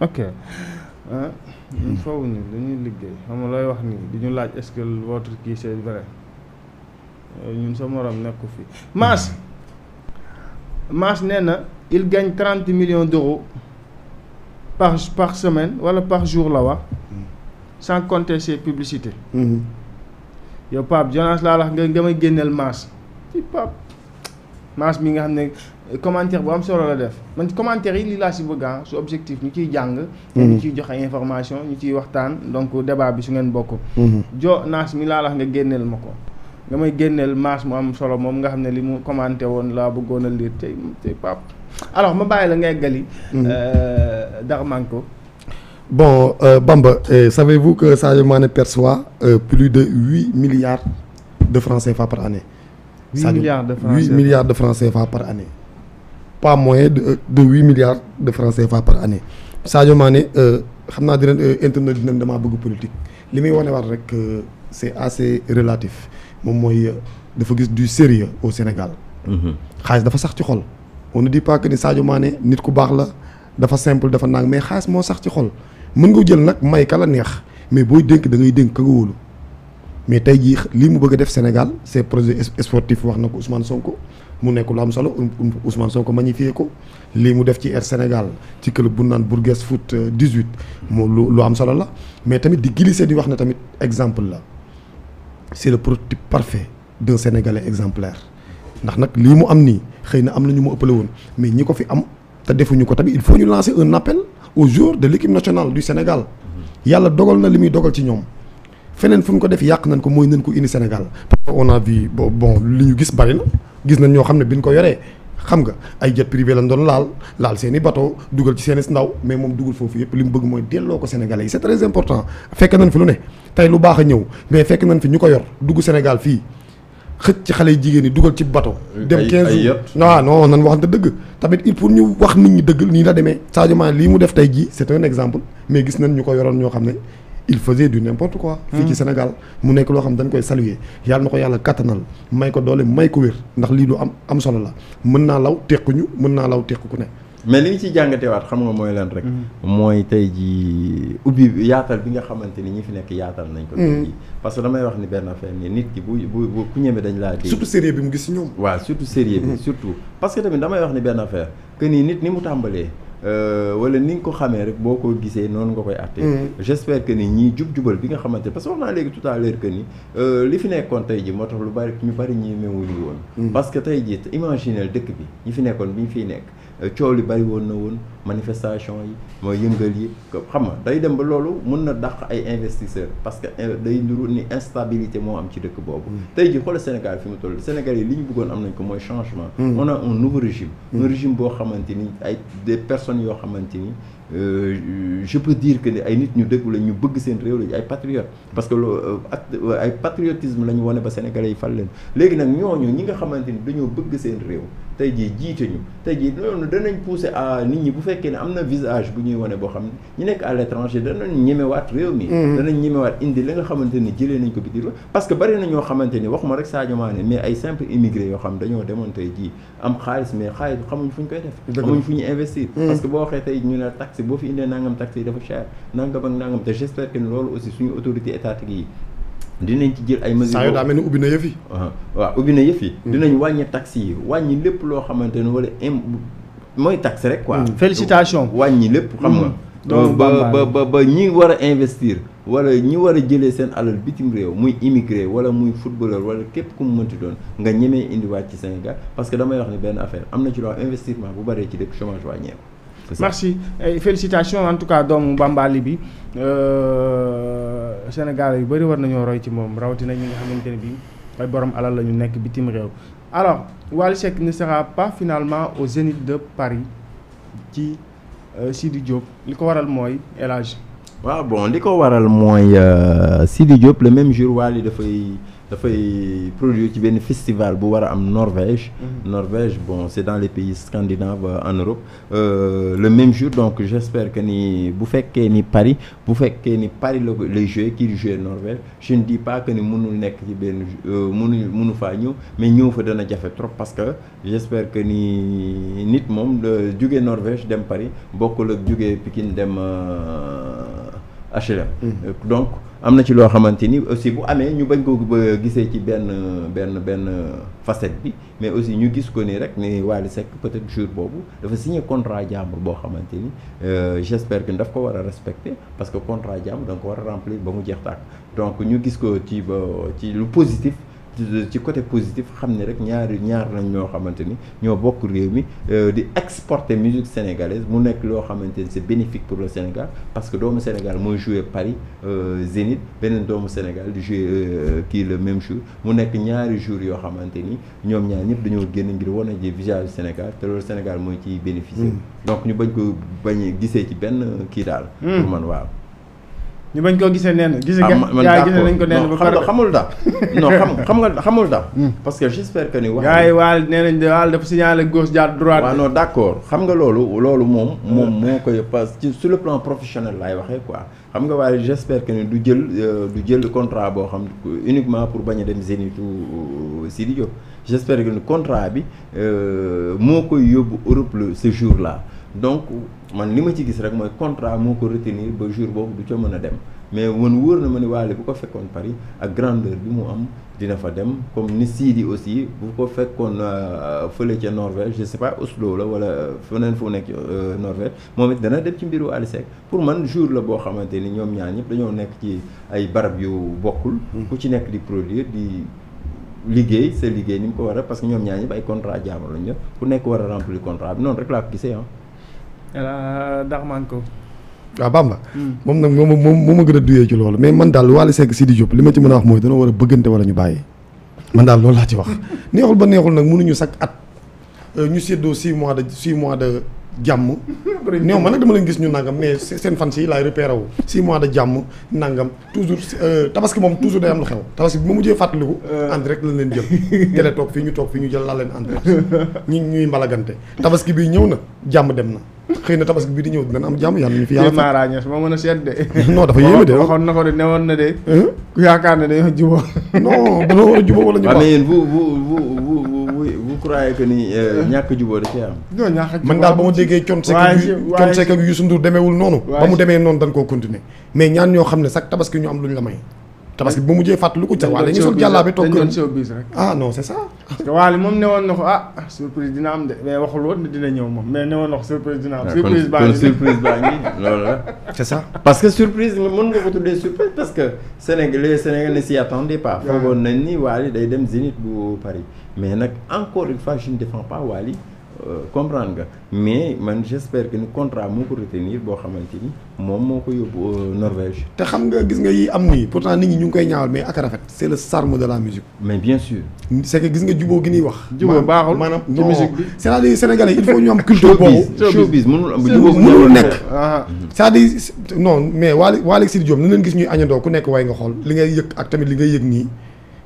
ok ah foofu ñu dañuy liggéey xam nga looy wax nii di laaj est-ce que votre kii c'est vrai eh, ñun sa morom nekku fi Mass Mass nee na il gagne trente millions d'euros par par semaine wala par jour la wax sans compter ses publicité mm-hmm. yow Pape Jonas laa wax nga nga may génneel Mass ci Pape. manche bi nga xam ne commentaire bu am solo la def man commentaire yi lii laa si bëgg ah su objectif ñu ciy jàng. Mhm. ñu ciy joxe information ñu ciy waxtaan donc débat bi su ngeen bokk. Mhm. jo naas mi laa la wax nga génneel ma ko. nga may génneel manche mu am solo moom nga xam ne li mu commenté woon laa bëggoon a lire tey pap alors ma bàyyi la nga eggali. Mhm. Euh, dara ko. bon euh, Bamba euh, savez-vous que Sadio Mané perçoit euh, plus de huit milliards de francs CFA par année. huit milliards de francs huit milliards de francs CFA par année pas moins de euh, de huit milliards de francs CFA par année Sadio Mané euh, xam naa dina euh, internet dinañ damaa bëgg politique li muy wane war rek c' est assez relatif moom mooy dafa gis du sérieux au Sénégal. Mhm. xaalis dafa sax ci xol. on ne dit pas que ni Sadio nit ku baax la dafa simple dafa nang mais xaalis moo sax ci xol mën nga jël nag may ka la neex mais booy dénk da ngay dénk ka nga wóolu. mais tey jii lii mu bëgg a def Sénégal ces projet sportifs wax na ko Ousmane Sonko mu nekk lu am solo um, um, Ousmane Sonko magnifié ko lii mu def ci Air Sénégal ci club bu naan Bourgues Foot 18 euh, mu lu lu am solo la mais tamit di glisser di wax na tamit exemple la c'est le prototype parfait d'un Sénégalais exemplaire ndax nag lii mu am nii xëy na am na ñu mu ëppale woon mais ñi ko fi am te defuñu ko tamit il faut ñu lancer un appel aux joueurs de l'équipe nationale du Sénégal mm-hmm. yàlla dogal na li muy dogal ci ñoom feneen fu ñu ko def yàq nañ ko mooy nañ ko indi Sénégal parce que on a vu bon li ñu gis bari na gis nañ ñoo xam ne bi ñu ko yoree xam nga ay jet privé lañ doon laal laal seeni i dugal ci seen ndaw mais moom dugal foofu yëpp li mu bëgg mooy delloo ko Sénégalais yi c'est très important fekk nañ fi lu ne tey lu baax a ñëw mais fekk nañ fi ñu ko yor dugg Sénégal fii xëj ci xale jigéen yi dugal ci bateau dem 15 jours non non nan waxante dëgg tamit il pour ñu wax nit ñi dëgg nii la demee Sadio lii mu def tey jii c'est un mais gis nañ ñu ko yoroon ñoo xam ne il faisait du n'importe quoi fii ci hmm. Sénégal mu nekk loo xam dañ koy saluer yàlla na ko yàlla kattanal may ko doole may ko wér ndax lii lu am am solo la mën naa law tequñu mën naa law teq ku ne mais li ñu ciy jàngatewaat xam nga mooy leen rek hmm. mooy tey ji ubbi yaatal bi nga xamante ni ñi fi nekk yaatal nañ ko tey hmm. ji parce que damay wax ni benn affaire ni nit ki bu bu bu ku ñeme dañ laa dégg surtout sérieux bi mu gis si ñoom waa surtout sérieux bi surtout parce que tamit damay wax ni benn affaire que nii ni mu tàmbalee Euh, wala ni nga ko xamee rek boo ko gisee noonu nga koy àttee mm. j'espère que ni ñii jub-jubal bi nga xamante parce que wax naa léegi tout à que ni euh, li fi nekkoon tey ji moo tax lu bari ñu bari ñi méwuñu woon mm. parce que tey ji imaginer dëkk bi ñi fi nekkoon bi ñu fiy nekk euh, coow li bari woon na woon manifestation yi mooy yëngal yi xam nga day dem ba loolu mun na dàq ay investisseurs parce que euh, day nuru ni instabilité moo am ci dëkk boobu mm. tey ji xoolal Sénégal fi mu toll Sénégal yi li ñu bëggoon am nañ ko mooy changement mm. on a un nouveau régime mm. un régime boo xamante ni ay des personnes yoo xamante ni euh, je peux dire ni ay nit ñu dëgg la ñu bëgg seen réew lañu ay patriotes parce que loolu euh, ay patriotisme la ñu wane ba Sénégalais yi fal leen léegi nag ñooñu ñi nga xamante ni dañoo bëgg seen réew tey jii jiite fekkee ne am na visage bu ñuy wane boo xam ne ñu nekk à l'étranger danañ ñemewaat réew mi. Mm-hmm. danañ ñemewaat indi li nga xamante ni nañ ko biti parce que bari na ñoo waxuma rek Sadio Mané mais ay simple immigré yoo xam dañoo demoon jii am xaalis mais xaalis xamuñ fu ñu koy def. xamuñ fu ñu investir. Mm-hmm. parce que boo waxee tey ñu ne taxi boo fi indee nangam taxi yi dafa cher nangam ak nangam te j'espère loolu aussi suñu autorité mooy taxe rek quoi. Mm. félicitation wàññi lépp xam nga. Mm. donc ba ba ba ba ñi war a investir. wala ñi war a jëlee seen alal bitim réew muy immigré wala muy footballeur wala képp ku mu mënti doon nga ñemee indiwaat ci Sénégal parce que damay wax ne benn affaire am na ci loo investissement bu bëree ci dëkk chômage wàññeeku. merci et eh, félicitations en tout cas doomu Bambali bi euh, Sénégal yu bari war nañoo roy ci moom rawatina ñi nga xamante ne bii ay borom alal la ñu nekk bitim réew. alors Wally Seck ne sera pas finalement au Zénith de Paris ci euh, Sidi Diop li ko waral mooy élage waaw bon li ko waral mooy euh, Sidi Diop le même jour Wally dafay. dafay produire ci benn festival bu war a am Norvège. Mhm. Norvège bon c'est dans les pays scandinaves euh, en Europe euh, le même jour donc j'espère que ni bu fekkee ni Paris bu fekkee ni Paris la ko lay joué kii di joué Norvège je ne dis pas que ni mënul nekk ci benn euh, mënu mënu faa ñëw mais ñëw fa dana jafe trop parce que j'espère que ni nit moom jóge Norvège dem Paris bokkul ak jóge pikin dem HLM. Euh, mhm. donc am na ci loo xamante ni aussi bu amee ñu bañ ko gisee ci benn benn benn facette bi mais aussi ñu gis ko ni rek ni Wally Seck peut-être jour boobu dafa signé contrat jàmbur boo xamante ni euh, j'espère daf ko war a respecter parce que contrat jàmbur da nga ko war a remplir ba mu jeex tàkk donc ñu gis ko ci ci lu positif ci côté positif xam ne rek ñaari ñaar nañ ñoo xamante ni ñoo bokk réew mi euh, di exporter musique sénégalaise mu nekk loo xamante ni c'est bénéfique pour le Sénégal parce que doomu Sénégal mooy jouer Paris euh, Zénith beneen doomu Sénégal di jouer euh, kii la même jour mu nekk ñaari jours yoo xamante ni ñoom ñaar ñëpp dañoo génn ngir wane ji visage Sénégal te loolu Sénégal mooy ciy bénéficier mm. donc ñu bañ ko bañ gisee ci benn kii daal mm. pour man waaw ñu bañ koo gisee neen gis nga ah, gisee nañ ko neen ba pare xamul da non xam nga xamul da hmm. parce que j'espère que ni wax gars yi nee nañ waal dafa signalé gauche jaar droite waaw non d'accord xam nga loolu loolu moom moom moo koy parce que sur le plan professionnel laay waxee quoi xam nga waaye j'espère que ni du jël euh, du jël contrat boo xam uniquement pour bañ a dem Zénith Sidi Diop j'espère que ni contrat bi euh, moo koy yóbbu Europe le ce jour là man li ma ci gis rek mooy contrat moo ko retenir ba jour boobu du ca mën a dem mais woon wóor na ma ni Wally bu ko fekkoon Paris ak grandeur bi mu am dina fa dem comme ni sii Sidi aussi bu ko fekkoon euh, fële ca Norvège je sais pas Oslo la wala feneen fu nekk euh, Norvège moom it dana dem ci mbiru Wally pour man jour boo xamante ni ñoom ñaar ñëpp dañoo nekk ci ay barab yu bokkul hmm. ku ci nekk di produire di liggéey sa liggéey ni mu ko war a parce que ñoom ñaar ñëpp ay contrat jaamalo ñëpp ku nekk war a remplir contrat bi noonu rek laa ko gisee ah Darmanko. waaw ah, Bamba. Hmm. moom nag moom moom moo ma gën a duyee ci loolu mais man daal Wally si Sidi Diop li ma ci mën a wax mooy dana war a bëggante wala ñu bàyyi. man daal lool laa ci wax neexul ba neexul nag mënuñu sakk at euh, ñu séddoo six mois de six mois de jàmm. néew ma nag dama leen gis ñu nangam mais seen fan si laay repéré wu. six mois de jàmm nangam toujours euh, tabaski moom toujours day am lu xew. tabaski bi ma mujjee fàttaliku. en euh. direct leen jël. télé toog fii ñu toog fii ñu jël laa leen en direct ñu ñuy mbalagante tabaski bii ñëw na jàmm dem na. xëy na tabaski bii di ñëw dinañ am jàmm yàlla ñu fi yàlla. Mara ma mën a seet de. non dafa yéeme de waxoon na ko de newoon na de. ku yaakaar ne dañoo jubóo. non dañoo wala ñu. waaw mais bu bu bu a jubóo da cee am. a jubóo man daal ba ma déggee Thione Seck. waay Thione Seck ak Youssou Ndour noonu. ba mu demee noonu dañ koo continuer mais ñaan ñoo xam ne sax tabaski ñu am lu ñu la may tabaski bu mujjee fàttaliku ca waale ñu sol jàllaabe toog kër ah non c'est ça parce que waale moom ne woon na ko ah surprise dina am de mais waxul woon ne dina ñëw moom mais ne woon na ko surprise dina am ah, surprise baa ngi loolu la c'est ça parce que surprise mën nga ko tuddee surprise parce que Sénégal les Sénégalais ne s'y attendaient pas foogoon nañ ni waali day dem Zénith bu Paris mais nag encore une fois je ne défends Euh, comprendre nga mais man j'espère que ni contrat moo ko retenir boo xamante ni moom moo ko yóbbu euh, Norvège. te xam nga gis nga yi am nii pourtant nit ñi ñu ngi koy ñaawal mais ak rafet. c'est le charme de la musique. mais bien sûr. c'est que gis nga jubóo gi ñuy wax. jubóo baaxul maanaam ci musique bi. c'est-à-dire sénégalais il faut ñu am culture boobu. showbiz mënul am jubóo nekk. Ah, ah. Mm-hmm. cest à non mais Waly Waly Sidy Diop na leen gis ñuy añandoo ku nekk way nga xool li ngay yëg ak tamit li ngay yëg nii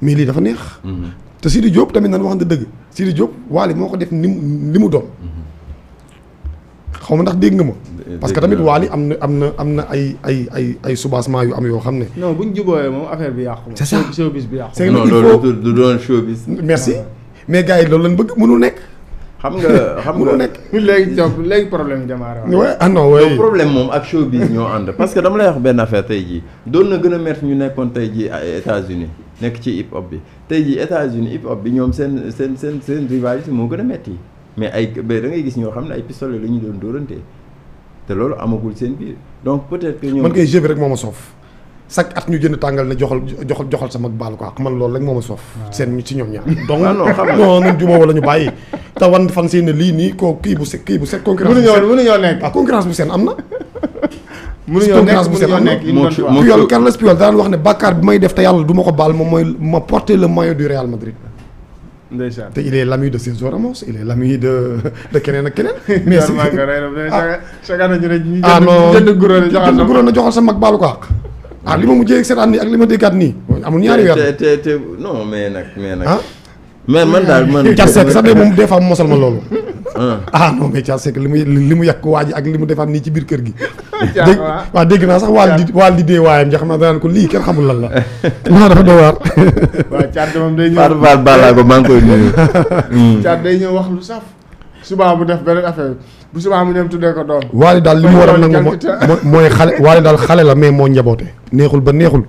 mais lii dafa neex. Mm-hmm. te Sidi Diop tamit nan waxante dëgg Sidi Diop Waly moo ko def ni mu mu doon mm-hmm. xaw ma ndax dégg nga ma. parce que tamit Waly am na am na am na ay ay ay ay soubassement yu am yoo xam ne. non bu ñu jubóoyee moom affaire bi yàqu la. c'est ça bi yàqu. c'est non loolu merci mais gars yi loolu lañ bëgg mënul nekk. xam nga xam nga nekk léegi jox léegi problème démarré waaw ah non oui problème moom ak showbiz ñoo ànd parce que dama lay wax benn affaire tey jii doon na gën a métti ñu nekkoon tey jii ay états nekk ci hip hop bi tey jii États-Unis hip hop bi ñoom seen seen seen seen rivalité moo gën a metti mais ay ba da gis ñoo xam ne ay pistolet la ñu doon dóorante te loolu amagul seen biir donc peut-être que ñoom man kay moo ma soof chaque at ñu jënd tàngal ne joxal joxal joxal sama baalu ko ak man loolu rek moo ma soof seen ci ñoom ñaar ah, donc non non juma wala ñu bàyyi te wan fan seen ne lii nii ko kii bu kii bu set concurrence mënuñoo nekk ah, concurrence bu seen am na mënuñoo nekk mënuñoo nekk Puyol Carles Puyol daan wax ne bàkkaar bi may def te yàlla du ma ko baal moom mooy ma porter le maillot du Real Madrid. te il est l'ami de Sergio Ramos il est l'ami de keneen ak keneen. mais si ah, ah non jënd guro na joxal sa mag baalu ko ah li ma mujjee ak seetaan nii ak li ma déggaat nii. amul ñaari weer te te te non mais nag mais nag. ah mais man daal man. car seet sax de moom des fois mosal ma loolu. Ah. ah non mais Thiat Seck li mu li mu yàq waa ji ak li mu defaat nii ci biir kër gi dégg waaw dégg naa sax waal di waal di dee waayam nga naa danaan ko lii kenn xamul lan la non dafa doy waar waaw Thiat moom day ñëw Fatou Fall maa ngi koy nuyu Thiat day ñëw wax lu saf subaa mu def beneen affaire bu subaa mu dem tuddee ko doom waali daal li mu war a nangu mooy xale waali daal xale la mais moo njaboote neexul ba neexul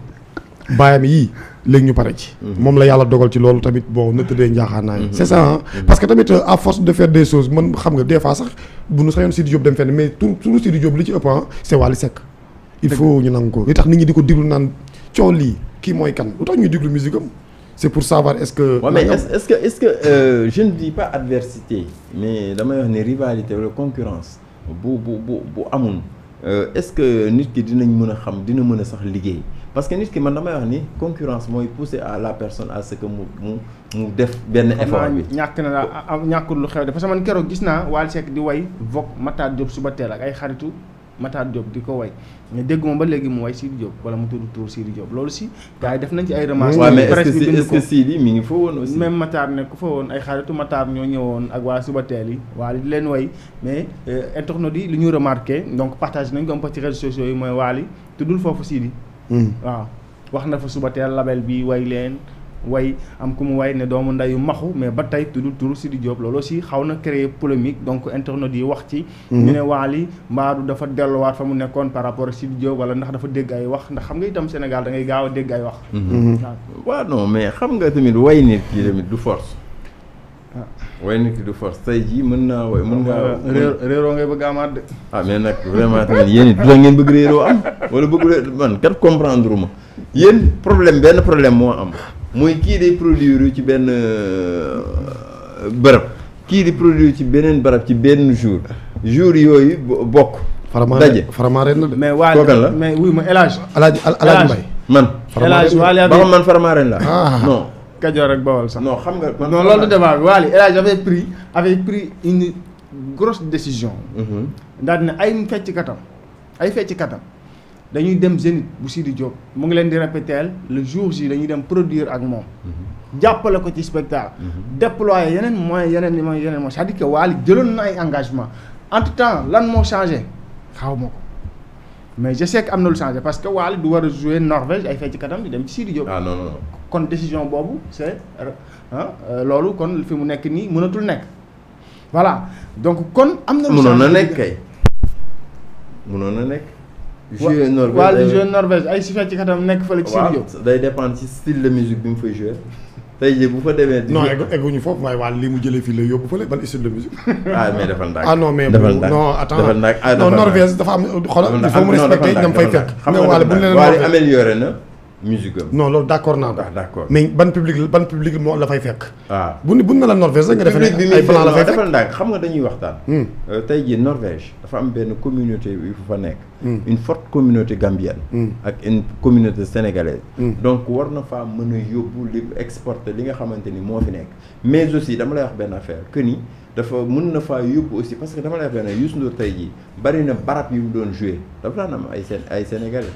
baayam yii léegi ñu pare ci. Mhm. moom la yàlla dogal ci loolu tamit bon na tëddee njaaxaanaay. Mhm. c' est ça hein? Mhm. parce que tamit euh, à force de faire de choses man xam nga des fois sax bu nu sañoon Sidi Diop dem fenn mais tout tout Sidi Diop li ci ëpp ah c' est il faut ñu nangu ko li tax nit ñi di ko diglu naan coow lii ki mooy kan lu tax ñuy diglu musique am c' pour savoir est ce que. Ouais, mais est ce que est ce que euh, je ne dis pas mais damay wax ne rivalité wala concurrence bu bu bu bu amul euh, est ce que nit ki dinañ mën a xam dina mën a sax liggéey. parce que nit ki man damay wax ni concurrence mooy pousser à la personne à ce mu mu mu def benn effort bi ñàkk na daal ñàkkul lu xew de parce que man keroog gis naa Wally Seck di way vogue Matar Diop suba teel ak ay xaritu Matar Diop di ko way mais dégguma ba léegi mu way Sidi wala mu tudd tur Sidi loolu si gars def nañ ci ay remarques waaw mi ngi fa woon aussi même Matar ay xaritu Matar ñoo ñëwoon ak waa suba teel yi Wally di leen way mais euh, internautes lu ñu remarqué donc partage nañ ko a ci réseaux sociaux yi mooy Wally tuddul foofu Sidi waaw wax na fa suba teel label bi way leen way am ku mu way ne doomu ndeyu maxu mais ba tey tuddul turu Sidi Diop loolu aussi xaw na créer polémique donc internautes yi wax ci mhm. ñu ne Wally mbaadu dafa delluwaat fa mu nekkoon par rapport ak Sidi Diop ndax dafa dégg ay wax ndax xam nga itam Sénégal da gaaw a dégg ay wax mhm. waaw non mais xam nga tamit way nit ki du force waaye nit ki du force tey jii mën naa waaye mën ngaa. réeroo ngay bëgg amaat de. ah mais nag vraiment tamit yéen it bëgg réeroo am wala bëgg man kat comprendre ma yéen problème benn problème moo am mooy kii de day produire ci benn euh, bërëb kii di produire ci beneen bërëb ci benn jour jour yooyu bokk. daje faramaare na de. mais waa mais wuy ma El Hadj. El man. faramaare ba Kajoor ak Bawol sax. non xam nga non loolu débat bi Waly El Hadj avait pris avait pris une grosse décision. Mhm. daal dina ay fecc katam ay fecc katam dañuy dem Zénith bu Sidi Diop mu ngi leen di répéter le jour J dañuy dem produire ak moom. Mhm. jàppale ko ci spectacle. Mhm. déployer yeneen moyens yeneen moyens yeneen moyens c'est-à-dire que Waly jëloon na ay engagement entre temps lan moo changé xaw ma ko. mais je sais am na lu changé parce que Waly du war a jouer Norvège ay fecc katam dem ci Sidi Diop. ah non kon décision boobu c'est euh, loolu kon fi mu nekk nii mënatul nekk voilà donc kon am na. mënoon na nekk kay mënoon na nekk. joué Norvège waaw joué Norvège ay si fecc katam nekk fële ci studio. day dépendre ci style de musique bi mu fay joué. tey jii bu fa demee. non egguñu foofu waaye waa li mu jëlee fii la yóbbu fële ban style de musique. ah mais defal ndànk ah non mais non attends ah, non dafa am xoolal il faut mu respecter ñam fay fekk. xam nga wala bu ñu leen amélioré na. musique am non loolu d' accord naa ko. Ah, d' accord mais ban public ban public moo la fay fekk. waaw ah. bu ni bu ne la Norvège nga defee ne ay blanc la ndànk xam nga dañuy waxtaan. Hmm. Euh, tey jii Norvège dafa am benn communauté yu fa nekk. Hmm. une fort communauté gambienne. Hmm. ak une communauté sénégalaise. donc war na faa mën a yóbbu li exporter li nga xamante ni moo fi nekk mais aussi dama lay wax benn affaire que ni. dafa mun na faa yóbbu aussi parce que dama lay wax ne Youssou Ndour tey jii bari na barab yu mu doon joué dafa daan am ay seen ay sénégalais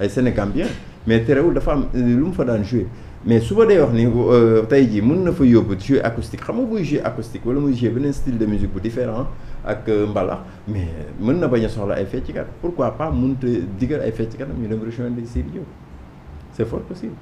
ay sénégambien mais terewul dafa am euh, lu mu fa daan joué mais su ma day wax ni euh, tey jii mën na fa yóbbu joué acoustique xam nga buy joué acoustique wala muy joué beneen style de musique bu différent ak euh, mbala mais mën na bañ a soxla ay fecckat pourquoi pas mënta digal ay fecckatam ñu dem rejoindre Sidy Diop c'est fort possible